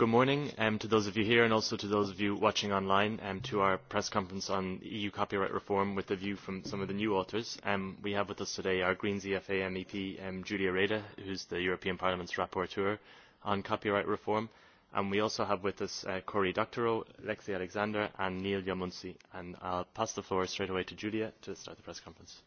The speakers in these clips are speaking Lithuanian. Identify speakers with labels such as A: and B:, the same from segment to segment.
A: Good morning um, to those of you here and also to those of you watching online um, to our press conference on EU copyright reform with a view from some of the new authors. Um, we have with us today our Greens EFA MEP, um, Julia Reda, who's the European Parliament's rapporteur on copyright reform. And we also have with us uh, Cory Doctorow, Lexi Alexander and Neil Yamunsi. And I'll pass the floor straight away to Julia to start the press conference.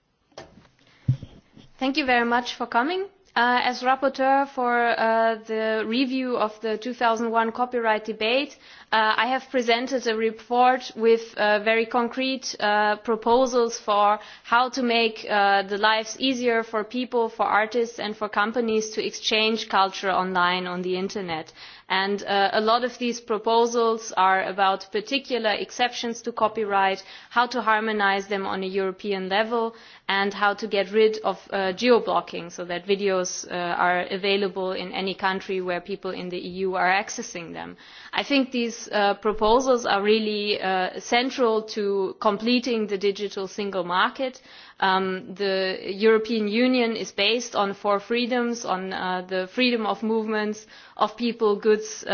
B: Thank you very much for coming Uh, as rapporteur for uh, the review of the two thousand and one copyright debate uh, i have presented a report with uh, very concrete uh, proposals for how to make uh, life easier for people for artists and for companies to exchange culture online on the internet and uh, a lot of these proposals are about particular exceptions to copyright how to harmonise them on a european level and how to get rid of uh, geo blocking so that videos uh, are available in any country where people in the eu are accessing them. i think these uh, proposals are really uh, central to completing the digital single market. Um, the European Union is based on four freedoms, on uh, the freedom of movements of people, goods, uh,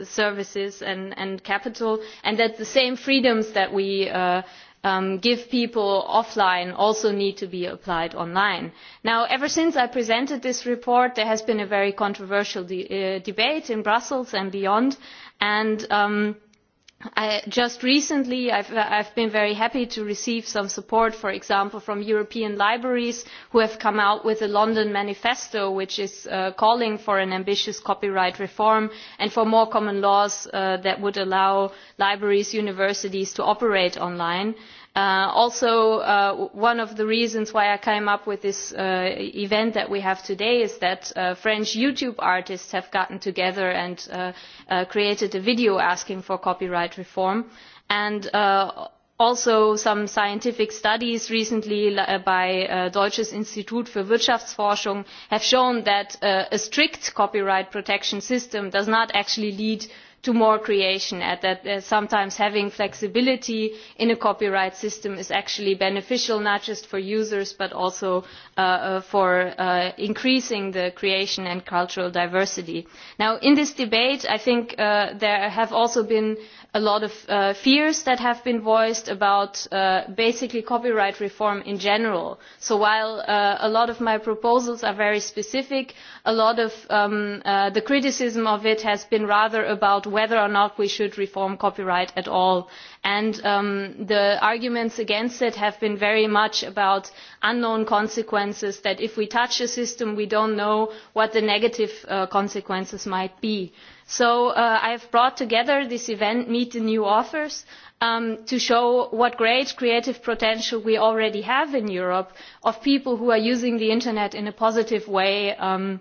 B: uh, services and, and capital, and that the same freedoms that we uh, um, give people offline also need to be applied online. Now, ever since I presented this report, there has been a very controversial de uh, debate in Brussels and beyond, and um, I, just recently i have been very happy to receive some support for example from european libraries who have come out with a london manifesto which is uh, calling for an ambitious copyright reform and for more common laws uh, that would allow libraries and universities to operate online. Uh, also, uh, one of the reasons why I came up with this uh, event that we have today is that uh, French YouTube artists have gotten together and uh, uh, created a video asking for copyright reform. And uh, also some scientific studies recently uh, by uh, deutsches institut für wirtschaftsforschung have shown that uh, a strict copyright protection system does not actually lead to more creation and that uh, sometimes having flexibility in a copyright system is actually beneficial not just for users but also uh, uh, for uh, increasing the creation and cultural diversity. Now in this debate I think uh, there have also been uh, a lot of uh, fears that have been voiced about uh, basically copyright reform in general. So while uh, a lot of my proposals are very specific, a lot of um, uh, the criticism of it has been rather about whether or not we should reform copyright at all. And um, the arguments against it have been very much about unknown consequences, that if we touch a system, we don't know what the negative uh, consequences might be. Uh, So uh, I have brought together this event, Meet the New Authors, um, to show what great creative potential we already have in Europe of people who are using the internet in a positive way um,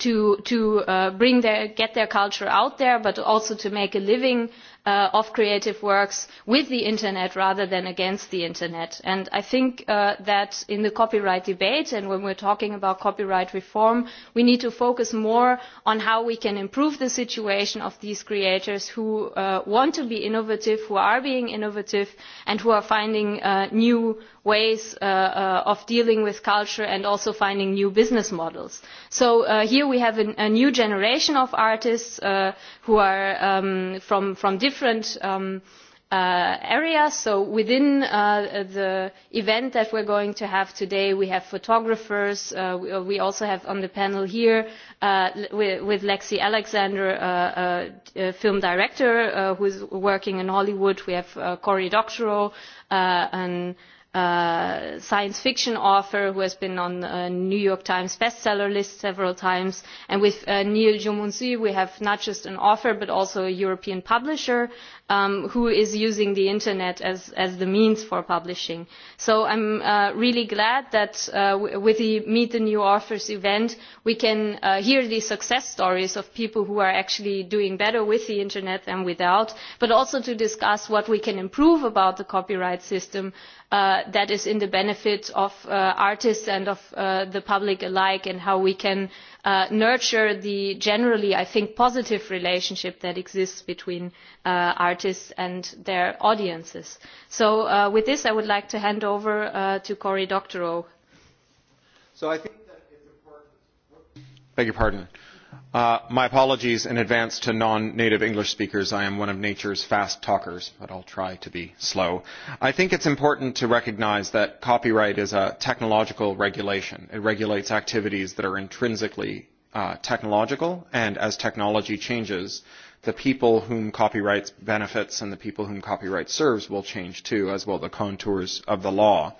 B: to, to uh, bring their, get their culture out there, but also to make a living uh, uh, of creative works with the internet rather than against the internet. And I think uh, that in the copyright debate and when we're talking about copyright reform, we need to focus more on how we can improve the situation of these creators who uh, want to be innovative, who are being innovative, and who are finding uh, new ways uh, uh, of dealing with culture and also finding new business models. So uh, here we have an, a new generation of artists uh, who are um, from, from different um, uh, areas. So within uh, the event that we're going to have today, we have photographers. Uh, we, uh, we also have on the panel here uh, with, with Lexi Alexander, uh, a, uh, a film director uh, who's working in Hollywood. We have uh, Cory Doctorow, uh, an uh, science fiction author who has been on the uh, New York Times bestseller list several times. And with uh, Neil Jomunsi, we have not just an author, but also a European publisher um, who is using the internet as, as the means for publishing. So I'm uh, really glad that uh, w with the Meet the New Authors event, we can uh, hear the success stories of people who are actually doing better with the internet than without, but also to discuss what we can improve about the copyright system uh, that is in the benefit of uh, artists and of uh, the public alike and how we can uh, uh, nurture the generally, I think, positive relationship that exists between uh, artists and their audiences. So uh, with this, I would like to hand over uh, to Cory Doctorow. So I think that it's important.
C: Beg your pardon. Uh, Uh, my apologies in advance to non-native English speakers. I am one of nature's fast talkers, but I'll try to be slow. I think it's important to recognize that copyright is a technological regulation. It regulates activities that are intrinsically uh, technological, and as technology changes, the people whom copyright benefits and the people whom copyright serves will change too, as will the contours of the law. Uh,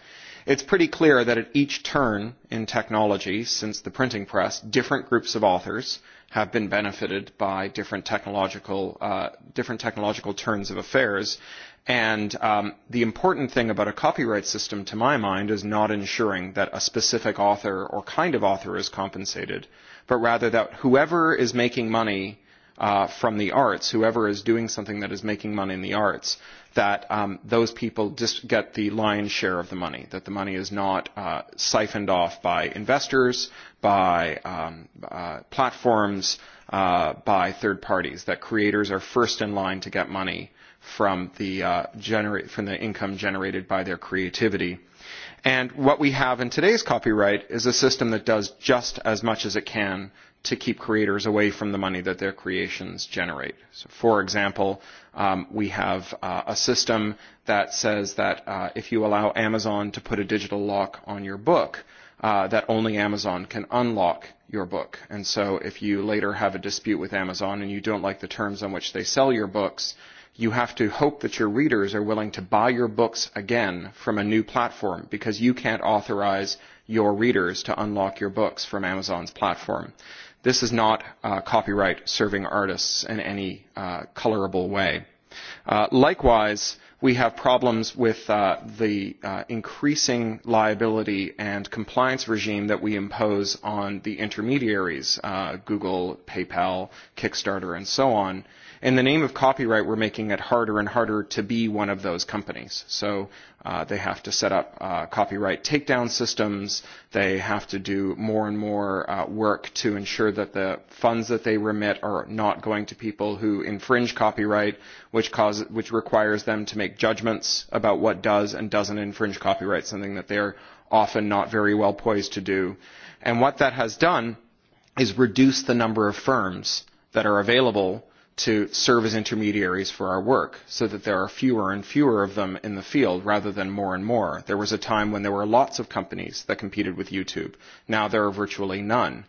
C: it is pretty clear that at each turn in technology since the printing press different groups of authors have been benefited by different technological uh, different technological turns of affairs and um, the important thing about a copyright system to my mind is not ensuring that a specific author or kind of author is compensated but rather that whoever is making money uh, from the arts, whoever is doing something that is making money in the arts, that um, those people just get the lion's share of the money, that the money is not uh, siphoned off by investors, by um, uh, platforms, uh, by third parties, that creators are first in line to get money from the, uh, genera- from the income generated by their creativity. And what we have in today's copyright is a system that does just as much as it can to keep creators away from the money that their creations generate. So for example, um, we have uh, a system that says that uh, if you allow Amazon to put a digital lock on your book, uh, that only Amazon can unlock your book. And so if you later have a dispute with Amazon and you don't like the terms on which they sell your books, you have to hope that your readers are willing to buy your books again from a new platform because you can't authorize your readers to unlock your books from Amazon's platform. This is not uh, copyright serving artists in any uh, colorable way. Uh, likewise, we have problems with uh, the uh, increasing liability and compliance regime that we impose on the intermediaries, uh, Google, PayPal, Kickstarter, and so on, uh, in the name of copyright, we're making it harder and harder to be one of those companies. So uh, they have to set up uh, copyright takedown systems. They have to do more and more uh, work to ensure that the funds that they remit are not going to people who infringe copyright, which causes, which requires them to make judgments about what does and doesn't infringe copyright, something that they're often not very well poised to do. And what that has done is reduce the number of firms that are available to serve as intermediaries for our work so that there are fewer and fewer of them in the field rather than more and more. There was a time when there were lots of companies that competed with YouTube. Now there are virtually none.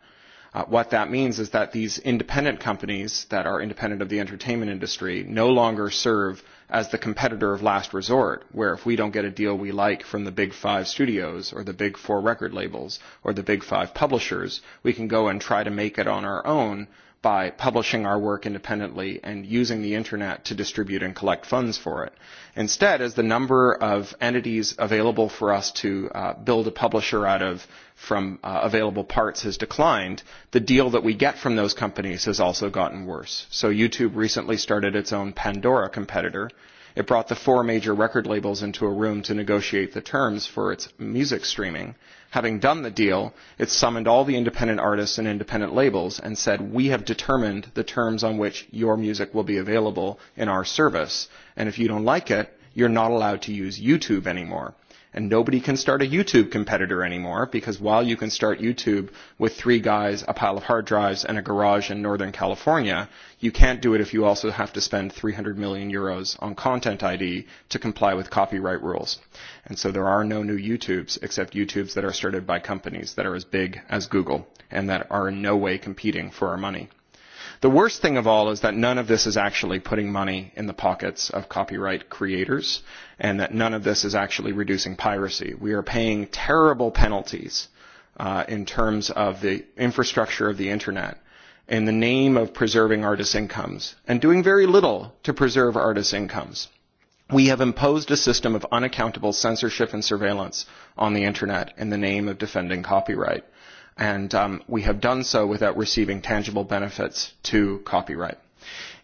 C: Uh, what that means is that these independent companies that are independent of the entertainment industry no longer serve as the competitor of last resort, where if we don't get a deal we like from the big five studios or the big four record labels or the big five publishers, we can go and try to make it on our own by publishing our work independently and using the internet to distribute and collect funds for it. Instead, as the number of entities available for us to uh, build a publisher out of from uh, available parts has declined, the deal that we get from those companies has also gotten worse. So YouTube recently started its own Pandora competitor. It brought the four major record labels into a room to negotiate the terms for its music streaming having done the deal, it summoned all the independent artists and independent labels and said, we have determined the terms on which your music will be available in our service. And if you don't like it, you're not allowed to use YouTube anymore and nobody can start a YouTube competitor anymore because while you can start YouTube with three guys, a pile of hard drives, and a garage in Northern California, you can't do it if you also have to spend 300 million euros on Content ID to comply with copyright rules. And so there are no new YouTubes except YouTubes that are started by companies that are as big as Google and that are in no way competing for our money. The worst thing of all is that none of this is actually putting money in the pockets of copyright creators and that none of this is actually reducing piracy. We are paying terrible penalties uh, in terms of the infrastructure of the internet in the name of preserving artists' incomes and doing very little to preserve artists' incomes. We have imposed a system of unaccountable censorship and surveillance on the internet in the name of defending copyright and um, we have done so without receiving tangible benefits to copyright.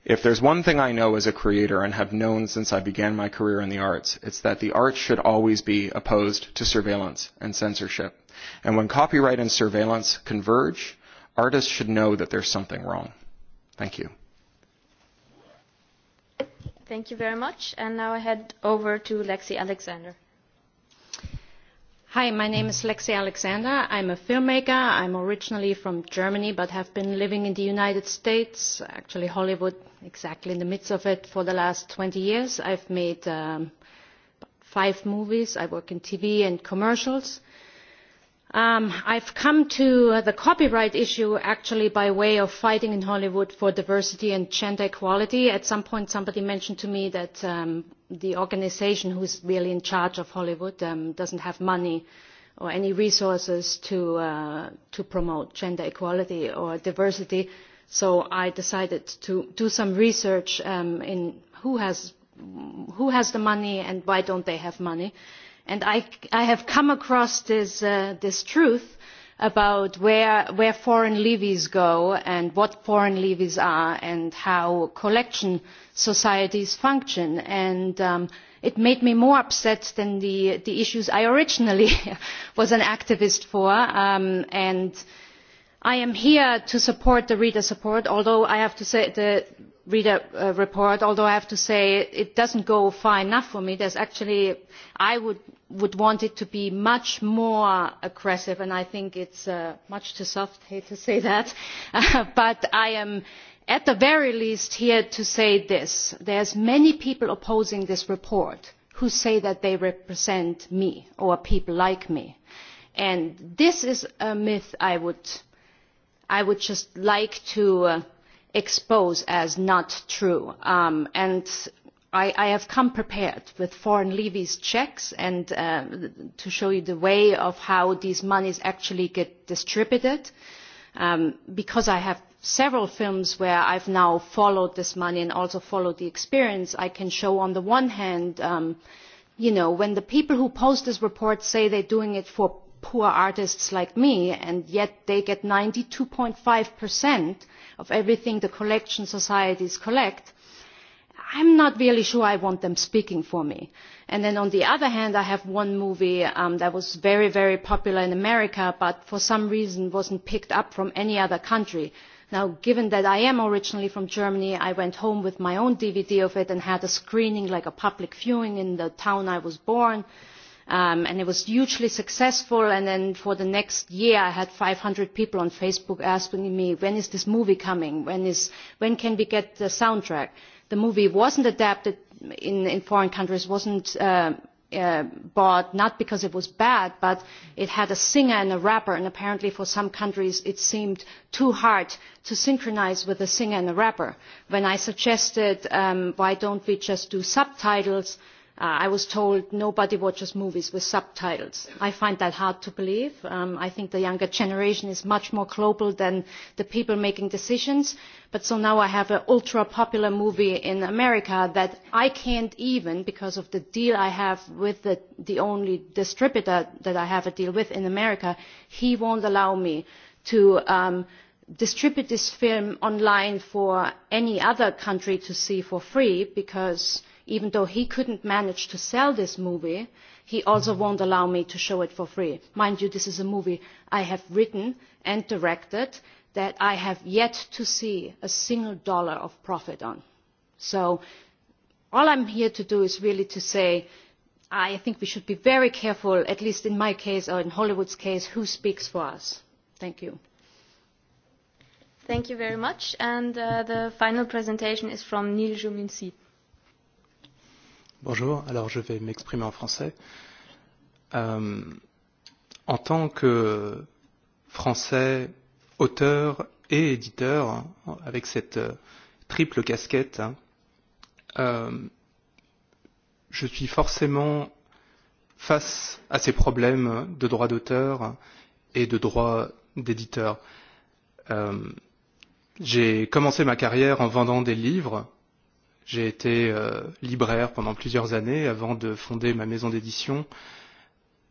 C: If there's one thing I know as a creator and have known since I began my career in the arts, it's that the arts should always be opposed to surveillance and censorship. And when copyright and surveillance converge, artists should know that there's something wrong. Thank you.
B: Thank you very much. And now I head over to Lexi Alexander. Hi, my name
D: is Lexi Alexander. I'm a filmmaker. I'm originally from Germany, but have been living in the United States, actually Hollywood, exactly in the midst of it, for the last 20 years. I've made um, five movies. I work in TV and commercials Um, I've come to uh, the copyright issue actually by way of fighting in Hollywood for diversity and gender equality. At some point somebody mentioned to me that um, the organization who's really in charge of Hollywood um, doesn't have money or any resources to, uh, to promote gender equality or diversity. So I decided to do some research um, in who has, who has the money and why don't they have money. Uh, and I, I have come across this, uh, this truth about where, where foreign levies go and what foreign levies are and how collection societies function. And um, it made me more upset than the, the issues I originally was an activist for. Um, and I am here to support the reader support, although I have to say the reader uh, report, although I have to say it doesn't go far enough for me. There's actually, I would would want it to be much more aggressive, and I think it's uh, much too soft, hate to say that, uh, but I am at the very least here to say this. There's many people opposing this report who say that they represent me or people like me. And this is a myth I would, I would just like to uh, expose as not true. Um, and I, I have come prepared with foreign levies checks and um, to show you the way of how these monies actually get distributed um, because I have several films where I've now followed this money and also followed the experience. I can show on the one hand, um, you know, when the people who post this report say they're doing it for poor artists like me and yet they get 92.5% of everything the collection societies collect, I'm not really sure I want them speaking for me. And then on the other hand, I have one movie um, that was very, very popular in America, but for some reason wasn't picked up from any other country. Now, given that I am originally from Germany, I went home with my own DVD of it and had a screening, like a public viewing in the town I was born. Um, and it was hugely successful. And then for the next year, I had 500 people on Facebook asking me, when is this movie coming? When, is, when can we get the soundtrack? the movie wasn't adapted in, in foreign countries, wasn't uh, uh, bought not because it was bad, but it had a singer and a rapper, and apparently for some countries it seemed too hard to synchronize with a singer and a rapper. When I suggested um, why don't we just do subtitles, uh, Uh, I was told nobody watches movies with subtitles. I find that hard to believe. Um, I think the younger generation is much more global than the people making decisions. But so now I have an ultra popular movie in America that I can't even, because of the deal I have with the, the only distributor that I have a deal with in America, he won't allow me to um, distribute this film online for any other country to see for free because even though he couldn't manage to sell this movie, he also won't allow me to show it for free. Mind you, this is a movie I have written and directed that I have yet to see a single dollar of profit on. So all I'm here to do is really to say I think we should be very careful, at least in my case or in Hollywood's case, who speaks for us. Thank you.
B: Thank you very much. And uh, the final presentation is from Neil Juminsit.
A: Bonjour, alors je vais m'exprimer en français. Euh, en tant que français auteur et éditeur, avec cette euh, triple casquette, euh, je suis forcément face à ces problèmes de droit d'auteur et de droit d'éditeur. Euh, J'ai commencé ma carrière en vendant des livres J'ai été euh, libraire pendant plusieurs années avant de fonder ma maison d'édition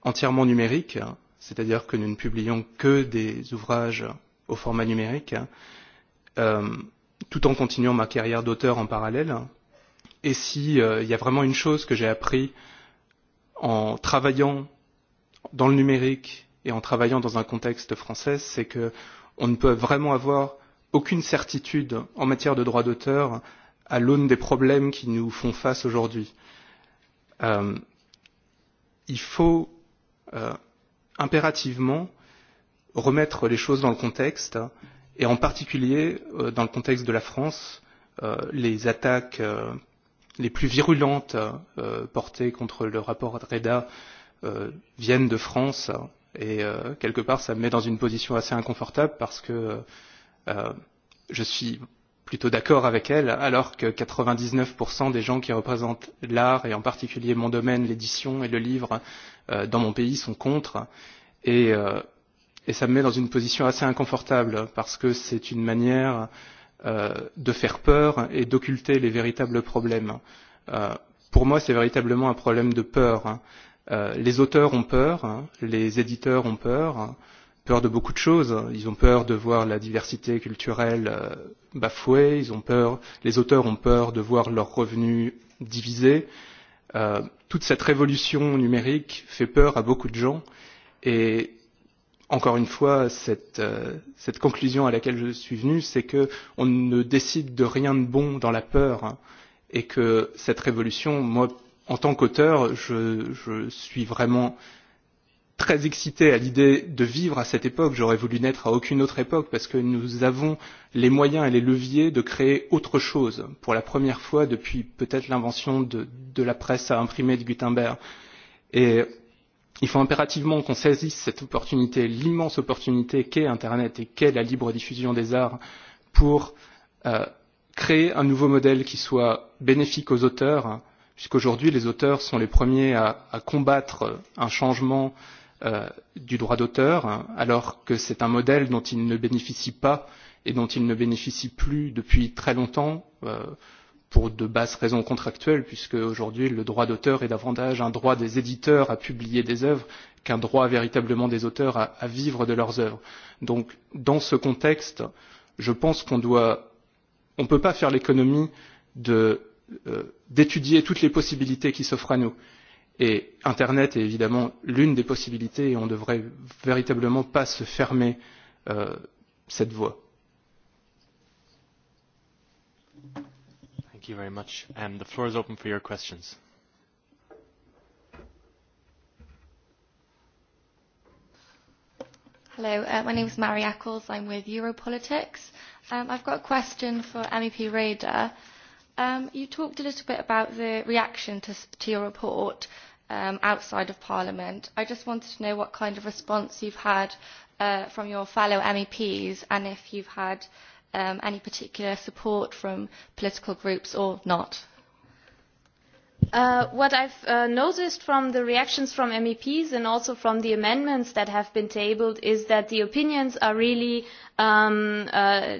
A: entièrement numérique, c'est-à-dire que nous ne publions que des ouvrages au format numérique, euh, tout en continuant ma carrière d'auteur en parallèle. Et si euh, y a vraiment une chose que j'ai appris en travaillant dans le numérique et en travaillant dans un contexte français, c'est que on ne peut vraiment avoir aucune certitude en matière de droit d'auteur à l'aune des problèmes qui nous font face aujourd'hui. Euh, il faut euh, impérativement remettre les choses dans le contexte et en particulier euh, dans le contexte de la France, euh, les attaques euh, les plus virulentes euh, portées contre le rapport Reda euh, viennent de France et euh, quelque part ça me met dans une position assez inconfortable parce que euh, je suis plutôt d'accord avec elle, alors que 99% des gens qui représentent l'art, et en particulier mon domaine, l'édition et le livre, euh, dans mon pays sont contre. Et, euh, et ça me met dans une position assez inconfortable, parce que c'est une manière euh, de faire peur et d'occulter les véritables problèmes. Euh, pour moi, c'est véritablement un problème de peur. Euh, les auteurs ont peur, les éditeurs ont peur, euh, peur de beaucoup de choses. Ils ont peur de voir la diversité culturelle euh, bafouée. Ils ont peur, les auteurs ont peur de voir leurs revenus divisés. Euh, toute cette révolution numérique fait peur à beaucoup de gens. Et encore une fois, cette, euh, cette conclusion à laquelle je suis venu, c'est que on ne décide de rien de bon dans la peur, hein, et que cette révolution, moi, en tant qu'auteur, je, je suis vraiment euh, très excité à l'idée de vivre à cette époque. J'aurais voulu naître à aucune autre époque parce que nous avons les moyens et les leviers de créer autre chose pour la première fois depuis peut-être l'invention de, de la presse à imprimer de Gutenberg. Et il faut impérativement qu'on saisisse cette opportunité, l'immense opportunité qu'est Internet et qu'est la libre diffusion des arts pour euh, créer un nouveau modèle qui soit bénéfique aux auteurs, puisqu'aujourd'hui les auteurs sont les premiers à, à combattre un changement euh, euh, du droit d'auteur, alors que c'est un modèle dont ils ne bénéficient pas et dont ils ne bénéficient plus depuis très longtemps euh, pour de basses raisons contractuelles, puisque aujourd'hui le droit d'auteur est davantage un droit des éditeurs à publier des œuvres qu'un droit véritablement des auteurs à, à vivre de leurs œuvres. Donc, dans ce contexte, je pense qu'on doit, on ne peut pas faire l'économie de euh, d'étudier toutes les possibilités qui s'offrent à nous. Et Internet est évidemment l'une des possibilités et on ne devrait véritablement pas se fermer euh, cette voie. Thank you very much. Um, the floor is open for your questions.
C: Hello, uh, my name is Mary Eccles. I'm with Europolitics. Um, I've got a question for MEP Rader. Um, you talked a little bit about the reaction
D: to, to your report um, outside of Parliament. I just wanted to know what kind of response you've had uh, from your fellow MEPs and if you've had um, any
B: particular support from political groups or not. Uh, what i have uh, noticed from the reactions from meps and also from the amendments that have been tabled is that the opinions are really um, uh,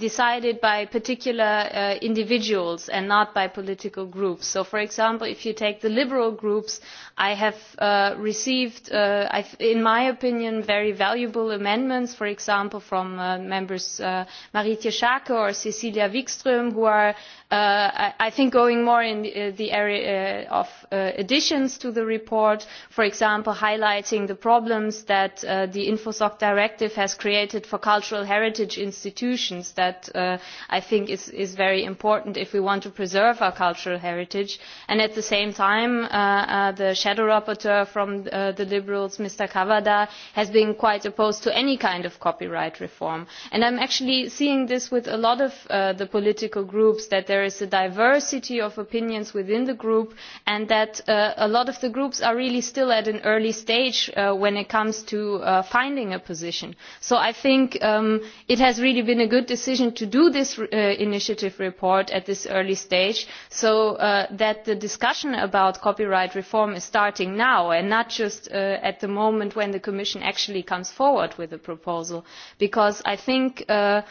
B: decided by particular uh, individuals and not by political groups. so for example if you take the liberal groups i have uh, received uh, in my opinion very valuable amendments for example from uh, members uh, marietje schaake or cecilia wikstrm who are uh, I, i think going more in the, the area of additions to the report for example highlighting the problems that the infosoc directive has created for cultural heritage institutions that that uh, I think is, is very important if we want to preserve our cultural heritage. And at the same time, uh, uh, the shadow rapporteur from uh, the Liberals, Mr. Kavada, has been quite opposed to any kind of copyright reform. And I'm actually seeing this with a lot of uh, the political groups, that there is a diversity of opinions within the group and that uh, a lot of the groups are really still at an early stage uh, when it comes to uh, finding a position. So I think um, it has really been a good decision decision to do this uh, initiative report at this early stage so uh, that the discussion about copyright reform is starting now and not just uh, at the moment when the commission actually comes forward with a proposal because i think uh,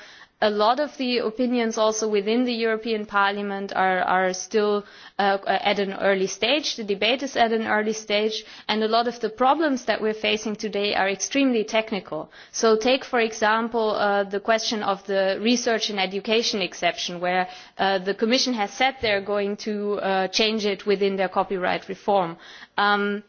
B: a lot of the opinions also within the european parliament are, are still uh, at an early stage the debate is at an early stage and a lot of the problems that we are facing today are extremely technical. so take for example uh, the question of the research and education exception where uh, the commission has said they are going to uh, change it within their copyright reform. Um,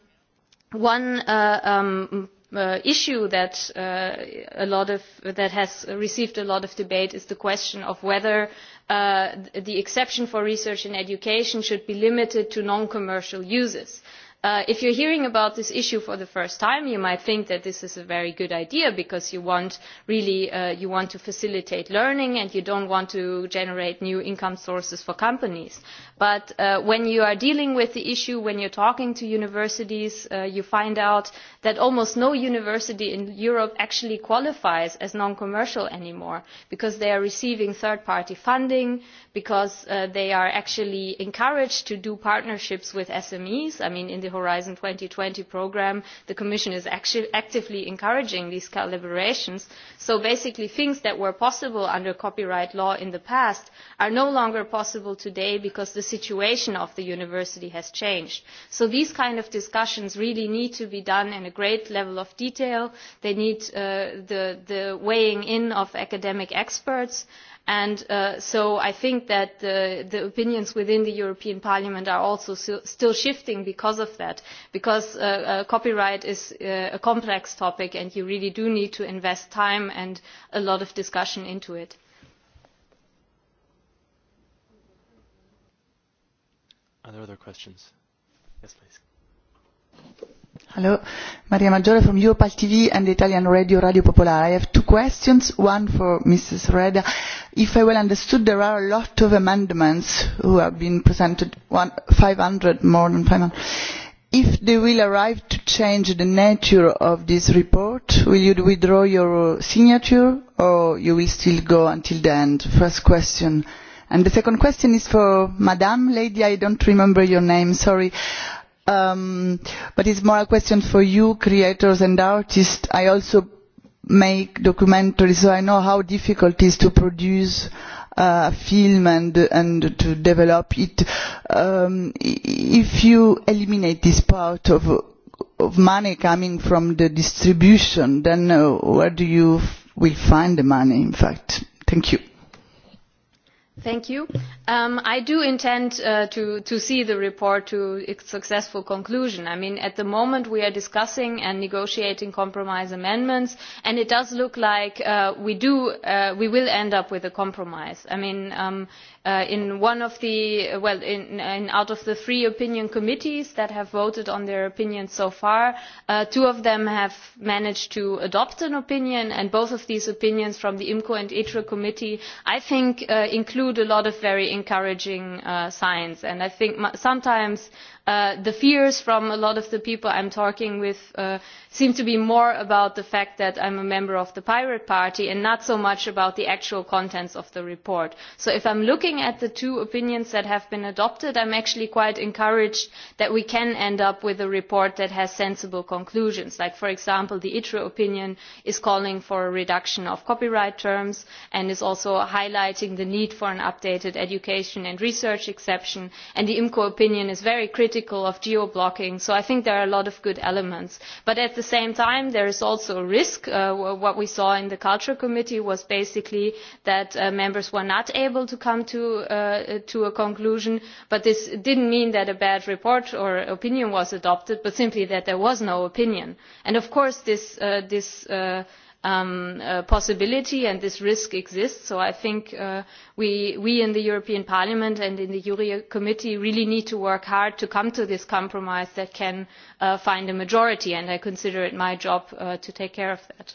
B: one uh, um, uh, issue that uh, a lot of that has received a lot of debate is the question of whether uh, the exception for research and education should be limited to non-commercial uses. Uh, Uh, if you are hearing about this issue for the first time you might think that this is a very good idea because you want, really, uh, you want to facilitate learning and you do not want to generate new income sources for companies but uh, when you are dealing with the issue when you are talking to universities uh, you find out that almost no university in europe actually qualifies as non commercial any more because they are receiving third party funding because uh, they are actually encouraged to do partnerships with smes. i mean in horizon two thousand and twenty programme the commission is actively encouraging these collaborations so basically things that were possible under copyright law in the past are no longer possible today because the situation of the university has changed. so these kinds of discussions really need to be done in a great level of detail they need uh, the, the weighing in of academic experts and and uh, so i think that the, uh, the opinions within the european parliament are also still shifting because of that because uh, uh, copyright is uh, a complex topic and you really do need to invest time and a lot of discussion into it.
A: are there other questions? yes
B: please. Hello, Maria Maggiore from Europal TV and Italian Radio Radio Popolare. I have two questions, one for Mrs. Reda. If I well understood, there are a lot of amendments who have been presented, one, 500, more than 500. If they will arrive to change the nature of this report, will you withdraw your signature or you will still go until the end? First question. And the second question is for Madame, lady, I don't remember your name, sorry. Uh, um, but it is more a question for you creators and artists. i also make documentaries so i know how difficult it is to produce uh, a film and, and to develop it. Um, if you eliminate this part of, of money coming from the distribution, then uh, where do you will find the money, in fact? Thank you. Thank you. Um, I do intend uh, to, to see the report to its successful conclusion. I mean, at the moment we are discussing and negotiating compromise amendments, and it does look like uh, we, do, uh, we will end up with a compromise. I mean, um, Uh, in one of the well in, in out of the three opinion committees that have voted on their opinion so far uh, two of them have managed to adopt an opinion and both of these opinions from the imco and itre committee i think uh, include a lot of very encouraging uh, signs and i think sometimes uh, Uh, the fears from a lot of the people i am talking with uh, seem to be more about the fact that i am a member of the pirate party and not so much about the actual contents of the report. so if i am looking at the two opinions that have been adopted i am actually quite encouraged that we can end up with a report that has sensible conclusions like for example the itre opinion is calling for a reduction of copyright terms and is also highlighting the need for an updated education and research exception and the imco opinion is very critical critical of geo blocking so i think there are a lot of good elements but at the same time there is also a risk uh, what we saw in the culture committee was basically that uh, members were not able to come to uh, to a conclusion but this didn't mean that a bad report or opinion was adopted but simply that there was no opinion and of course this uh, this uh, um, uh, possibility and this risk exists. So I think uh, we, we in the European Parliament and in the Juri Committee really need to work hard to come to this compromise that can uh, find a majority and I consider it my job uh, to take care of that.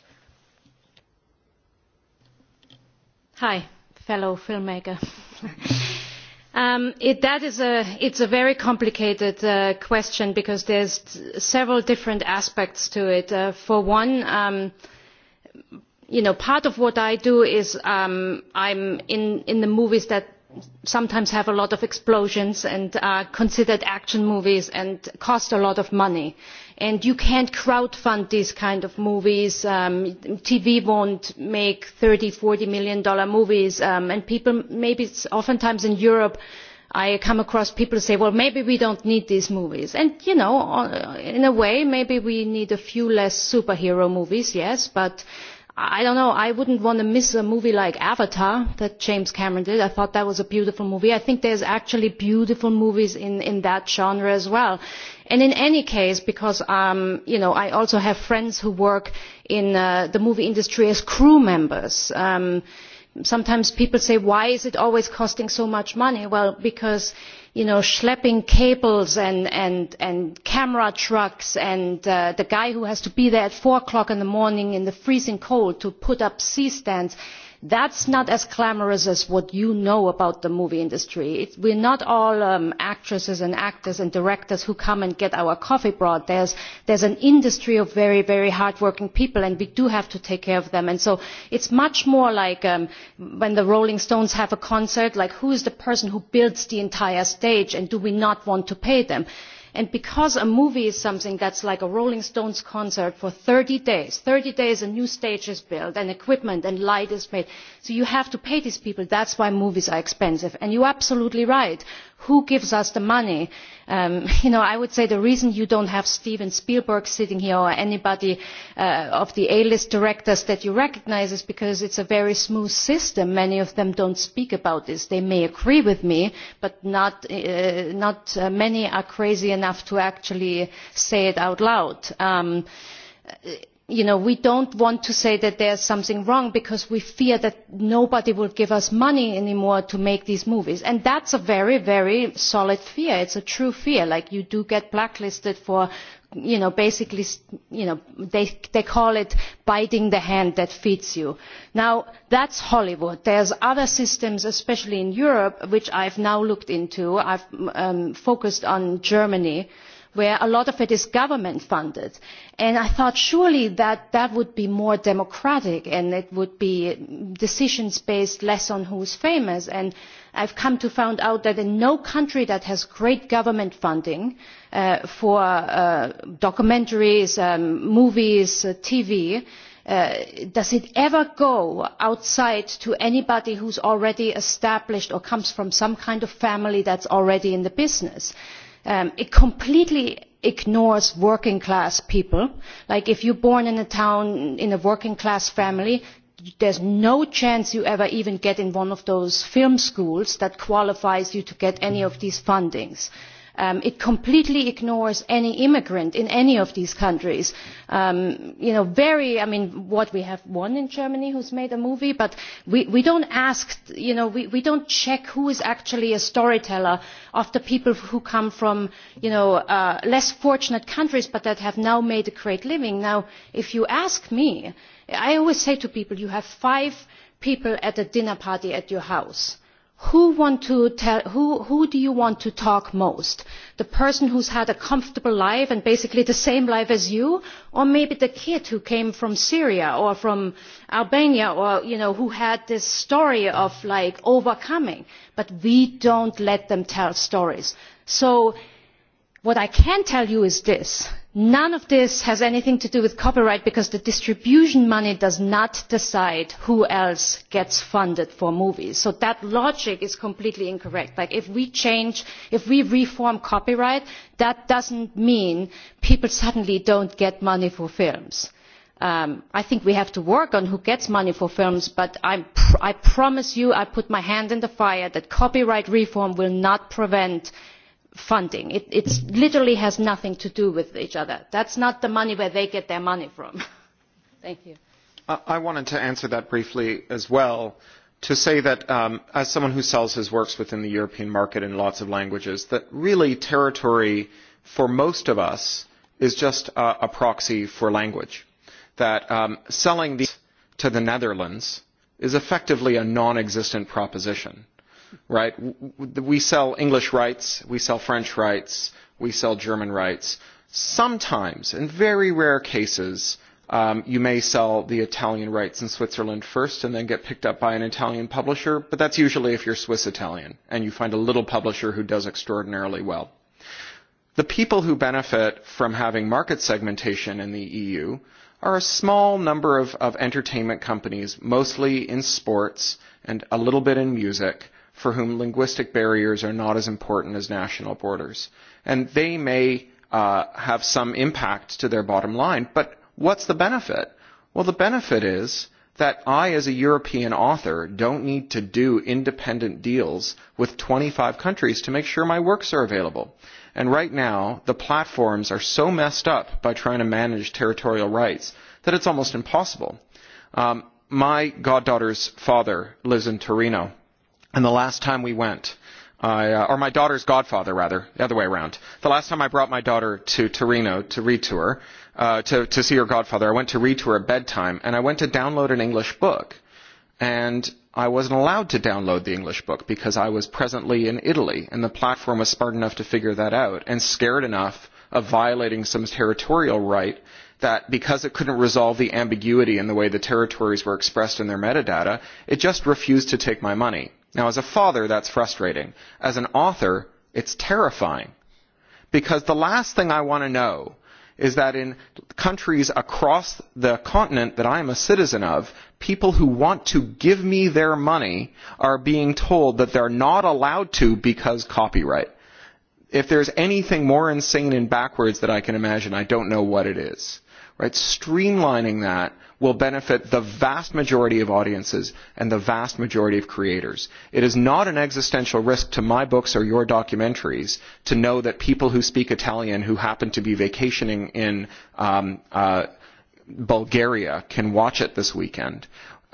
B: Hi, fellow
D: filmmaker. Um, it, that is a, it's a very complicated uh, question because there's several different aspects to it. Uh, for one, um, uh, you know, part of what I do is um, I'm in, in the movies that sometimes have a lot of explosions and are considered action movies and cost a lot of money. And you can't crowdfund these kind of movies. Um, TV won't make 30, 40 million dollar movies. Um, and people, maybe it's oftentimes in Europe, uh, i come across people who say well maybe we do not need these movies and you know uh, in a way maybe we need a few less superhero movies yes but i do not know i would not want to miss a movie like avatar that james cameron did i thought that was a beautiful movie. i think there are actually beautiful movies in, in that genre as well and in any case because um, you know, i also have friends who work in uh, the movie industry as crew members um, sometimes people say why is it always costing so much money? well because you know schlepping cables and, and, and camera trucks and uh, the guy who has to be there at four o'clock in the morning in the freezing cold to put up c stands that's not as glamorous as what you know about the movie industry. It, we're not all um, actresses and actors and directors who come and get our coffee brought. There's, there's an industry of very, very hardworking people, and we do have to take care of them. And so it's much more like um, when the Rolling Stones have a concert, like who is the person who builds the entire stage, and do we not want to pay them? and because a movie is something that is like a rolling stones concert for thirty days thirty days a new stage is built and equipment and light is made so you have to pay these people that is why movies are expensive and you are absolutely right that who gives us the money? Um, you know, I would say the reason you don't have Steven Spielberg sitting here or anybody uh, of the A-list directors that you recognize is because it's a very smooth system. Many of them don't speak about this. They may agree with me, but not, uh, not uh, many are crazy enough to actually say it out loud. Um, you know, we do not want to say that there is something wrong because we fear that nobody will give us money any more to make these movies and that is a very very solid fear it is a true fear like you do get blacklisted for you know basically you know they they call it biting the hand that feeds you now that's hollywood there's other systems especially in europe which i've now looked into i've um, focused on germany uh, where a lot of it is government funded and i thought surely that that would be more democratic and it would be decisions based less on who is famous and i have come to find out that in no country that has great government funding uh, for uh, documentaries um, movies uh, tv Uh, does it ever go outside to anybody who is already established or comes from some kind of family that is already in the business? Um, it completely ignores working class people. Like if you're born in a town, in a working class family, there's no chance you ever even get in one of those film schools that qualifies you to get any of these fundings. Uh, Um, it completely ignores any immigrant in any of these countries. Um, you know, very, I mean, what we have one in Germany who's made a movie, but we, we don't ask, you know, we, we don't check who is actually a storyteller of the people who come from, you know, uh, less fortunate countries but that have now made a great living. Now, if you ask me, I always say to people, you have five people at a dinner party at your house who, want to tell, who, who do you want to talk most? The person who's had a comfortable life and basically the same life as you? Or maybe the kid who came from Syria or from Albania or, you know, who had this story of like overcoming. But we don't let them tell stories. So what I can tell you is this none of this has anything to do with copyright because the distribution money does not decide who else gets funded for movies so that logic is completely incorrect. Like if we change if we reform copyright that does not mean people suddenly do not get money for films. Um, i think we have to work on who gets money for films but pr i promise you i put my hand in the fire that copyright reform will not prevent funding. It it's literally has nothing to do with each other. That's not the money where they get their money from. Thank you.
C: I, I wanted to answer that briefly as well to say that um, as someone who sells his works within the European market in lots of languages, that really territory for most of us is just uh, a proxy for language. That um, selling these to the Netherlands is effectively a non-existent proposition right? We sell English rights, we sell French rights, we sell German rights. Sometimes, in very rare cases, um, you may sell the Italian rights in Switzerland first and then get picked up by an Italian publisher, but that's usually if you're Swiss Italian and you find a little publisher who does extraordinarily well. The people who benefit from having market segmentation in the EU are a small number of, of entertainment companies, mostly in sports and a little bit in music, for whom linguistic barriers are not as important as national borders. And they may uh, have some impact to their bottom line, but what's the benefit? Well, the benefit is that I, as a European author, don't need to do independent deals with 25 countries to make sure my works are available. And right now, the platforms are so messed up by trying to manage territorial rights that it's almost impossible. Um, my goddaughter's father lives in Torino and the last time we went I, uh, or my daughter's godfather rather the other way around the last time i brought my daughter to torino to read to her uh, to, to see her godfather i went to read to her at bedtime and i went to download an english book and I wasn't allowed to download the English book because I was presently in Italy, and the platform was smart enough to figure that out and scared enough of violating some territorial right that because it couldn't resolve the ambiguity in the way the territories were expressed in their metadata, it just refused to take my money. Now, as a father, that's frustrating. As an author, it's terrifying. Because the last thing I want to know is that in countries across the continent that I am a citizen of, people who want to give me their money are being told that they're not allowed to because copyright. If there's anything more insane and backwards that I can imagine, I don't know what it is. Right? Streamlining that will benefit the vast majority of audiences and the vast majority of creators. It is not an existential risk to my books or your documentaries to know that people who speak Italian who happen to be vacationing in um, uh, Bulgaria can watch it this weekend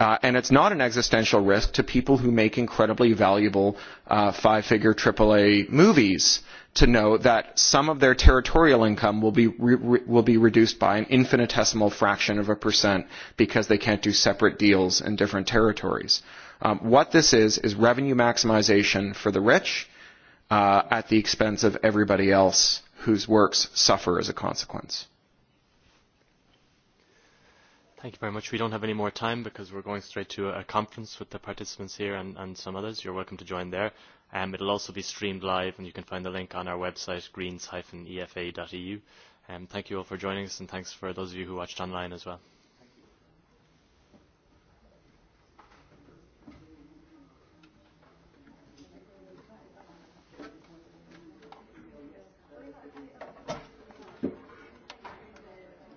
C: Uh, and it's not an existential risk to people who make incredibly valuable uh, five-figure AAA movies to know that some of their territorial income will be re- re- will be reduced by an infinitesimal fraction of a percent because they can't do separate deals in different territories. Um, what this is is revenue maximization for the rich uh, at the expense of everybody else whose works suffer as a consequence.
A: Thank you very much. We don't have any more time because we're going straight to a conference with the participants here and, and some others. You're welcome to join there. Um, it'll also be streamed live, and you can find the link on our website, greens-efa.eu. E um, thank you all for joining us, and thanks for those of you who watched online as well.